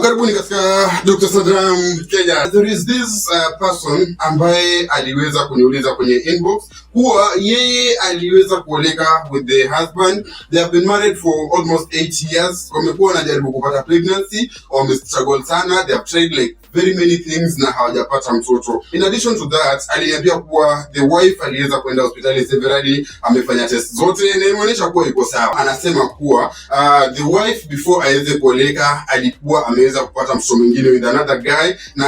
Karibuni katika Dr. Sadram Kenya. There is this uh, person ambaye aliweza kuniuliza kwenye inbox kuwa yeye aliweza kuoleka with the husband. They have been married for almost 8 years. Wamekuwa wanajaribu kupata pregnancy, wamestruggle sana. They have tried like very many things na hawajapata mtoto. In addition to that, aliniambia kuwa the wife aliweza kwenda hospitali severally, amefanya test zote na imeonyesha kuwa yuko sawa. Anasema kuwa uh, the wife before aweze kuoleka alikuwa ameweza kupata mtoto mwingine with another guy, na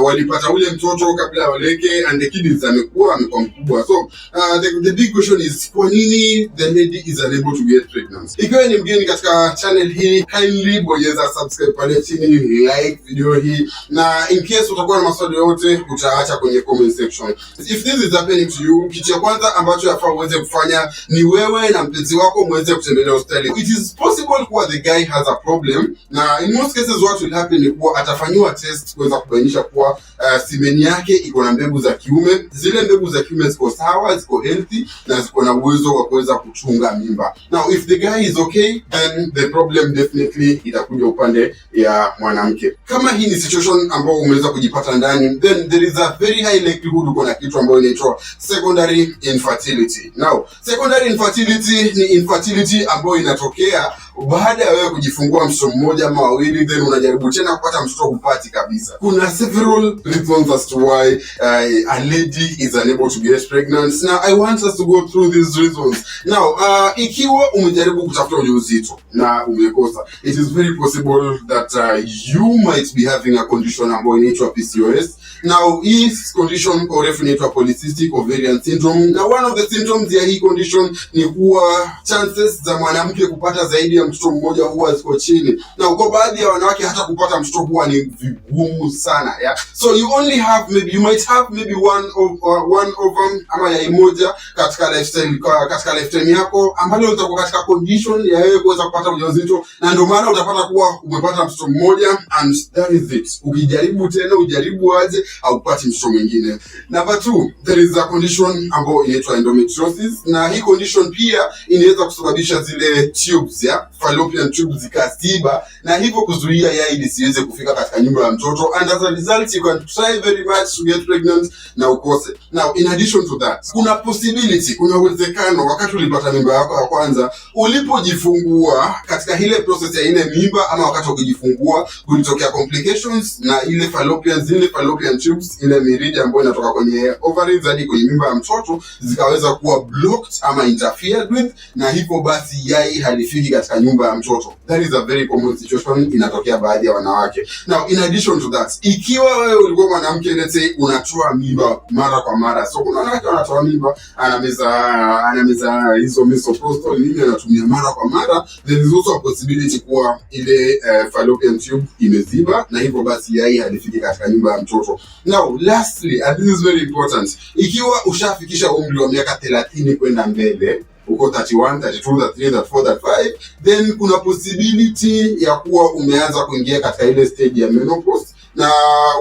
uh, walipata ule mtoto kabla aoleke, and the kid is amekuwa amekuwa mkubwa. So uh, the, the big question is kwa nini the lady is unable to get pregnant? Ikiwa ni mgeni katika channel hii, kindly bonyeza subscribe pale chini, like video hii na na in case utakuwa na maswali yoyote utaacha kwenye comment section. If this is happening to you, kitu cha kwanza ambacho yafaa uweze kufanya ni wewe na mpenzi wako muweze kutembelea hospitali. It is possible kuwa the guy has a problem, na in most cases what will happen ni kuwa atafanyiwa test kuweza kubainisha kuwa uh, semen yake iko na mbegu za kiume. Zile mbegu za kiume ziko sawa, ziko healthy na ziko na uwezo wa kuweza kuchunga mimba. Now if the guy is okay, then the problem definitely itakuja upande ya mwanamke. Kama hii ni situation ambao umeweza kujipata ndani, then there is a very high likelihood uko na kitu ambayo inaitwa secondary infertility. Now secondary infertility ni infertility ambayo inatokea baada ya wewe kujifungua mtoto mmoja ama wawili, then unajaribu tena kupata mtoto, hupati kabisa. Kuna several reasons as to why uh, a lady is unable to get pregnant. Now I want us to go through these reasons now. Uh, ikiwa umejaribu kutafuta ujauzito na umekosa, it is very possible that uh, you might be having a condition ambayo inaitwa PCOS. Now this condition kwa urefu inaitwa polycystic ovarian syndrome, na one of the symptoms ya hii condition ni kuwa chances za mwanamke kupata zaidi ya mtoto mmoja huwa ziko chini, na uko baadhi ya wanawake hata kupata mtoto huwa ni vigumu sana yeah. So you only have maybe you might have maybe one of uh, one of them ama yai moja katika lifetime katika lifetime yako, ambayo utakuwa katika condition ya wewe kuweza kupata ujauzito, na ndio maana utapata kuwa umepata mtoto mmoja and that is it. Ukijaribu tena ujaribu aje, haupati mtoto mwingine. Number two, there is a condition ambayo inaitwa endometriosis, na hii condition pia inaweza kusababisha zile tubes ya fallopian tube zikaziba na hivyo kuzuia yai lisiweze kufika katika nyumba ya mtoto and as a result you can try very much to get pregnant na ukose. Now in addition to that, kuna possibility, kuna uwezekano wakati ulipata mimba yako ya kwanza, ulipojifungua katika ile process ya ile mimba ama wakati ukijifungua, kulitokea complications na ile fallopian zile fallopian tubes, ile mirija ambayo inatoka kwenye ovaries hadi kwenye mimba ya mtoto zikaweza kuwa blocked ama interfered with, na hivyo basi yai halifiki katika nyumba nyumba ya mtoto. That is a very common situation inatokea baadhi ya wanawake. Now in addition to that, ikiwa wewe ulikuwa mwanamke, let's say unatoa mimba mara kwa mara, so kuna wanawake wanatoa mimba, anameza anameza hizo misoprostol nini, anatumia mara kwa mara, there is also a possibility kuwa ile uh, fallopian tube imeziba na hivyo basi yai halifiki katika nyumba ya mtoto. Now lastly, and this is very important, ikiwa ushafikisha umri wa miaka 30 kwenda mbele uko 31, 32, 33, 35, then kuna possibility ya kuwa umeanza kuingia katika ile stage ya menopause na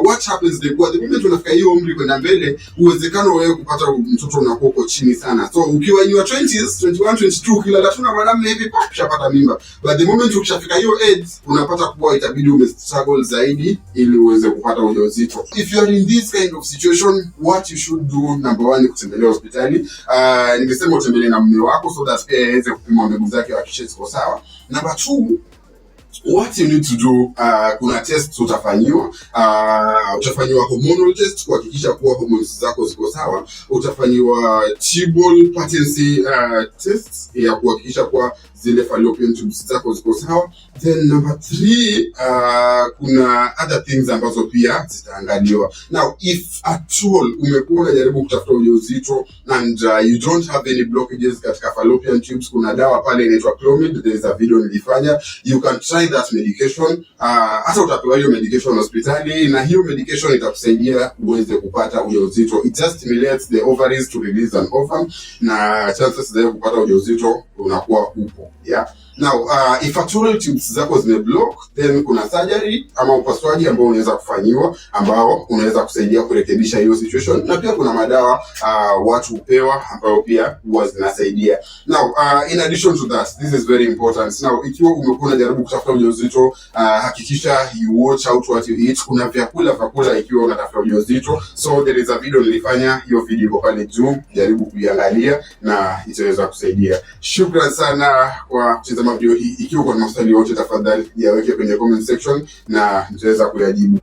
what happens ni kuwa the moment unafika hiyo umri kwenda mbele, uwezekano wewe kupata mtoto unakuwa uko chini sana. So ukiwa in your 20s, 21, 22, kila tatu na mwanaume hivi pap ushapata mimba, but the moment ukishafika hiyo age unapata kuwa itabidi ume struggle zaidi ili uweze kupata ujauzito. If you are in this kind of situation, what you should do number one kutembelea hospitali. Uh, nimesema utembelee na mume wako so that pia aweze kupima mbegu zake, hakikisha ziko sawa. Number two what you need to do uh, kuna test utafanyiwa uh, utafanyiwa hormonal test kuhakikisha kuwa hormones zako ziko sawa. Utafanyiwa tubal patency uh, test ya kuhakikisha kuwa zile fallopian tubes zako ziko sawa. Then number three, uh, kuna other things ambazo pia zitaangaliwa. Now if at all umekuwa unajaribu kutafuta ujauzito and uh, you don't have any blockages katika fallopian tubes, kuna dawa pale inaitwa Clomid. There is a video nilifanya, you can try that medication hata uh, utapewa hiyo medication hospitali, na hiyo medication itakusaidia uweze kupata ujauzito. It just stimulates the ovaries to release an ovum, na chances za kupata ujauzito unakuwa upo, yeah. Now uh, if actual tubes zako zime block then kuna surgery ama upasuaji ambao unaweza kufanyiwa ambao unaweza kusaidia kurekebisha hiyo situation, na pia kuna madawa uh, watu hupewa ambao pia huwa zinasaidia. Now uh, in addition to that, this is very important. Now ikiwa umekuwa unajaribu kutafuta unatafuta ujauzito uh, hakikisha you watch out what you eat. Kuna vyakula vyakula ikiwa unatafuta ujauzito, so there is a video nilifanya hiyo video iko pale juu, jaribu kuiangalia na itaweza kusaidia. Shukrani sana kwa kutazama video hii. Ikiwa kuna maswali yote, tafadhali yaweke kwenye comment section na nitaweza kuyajibu.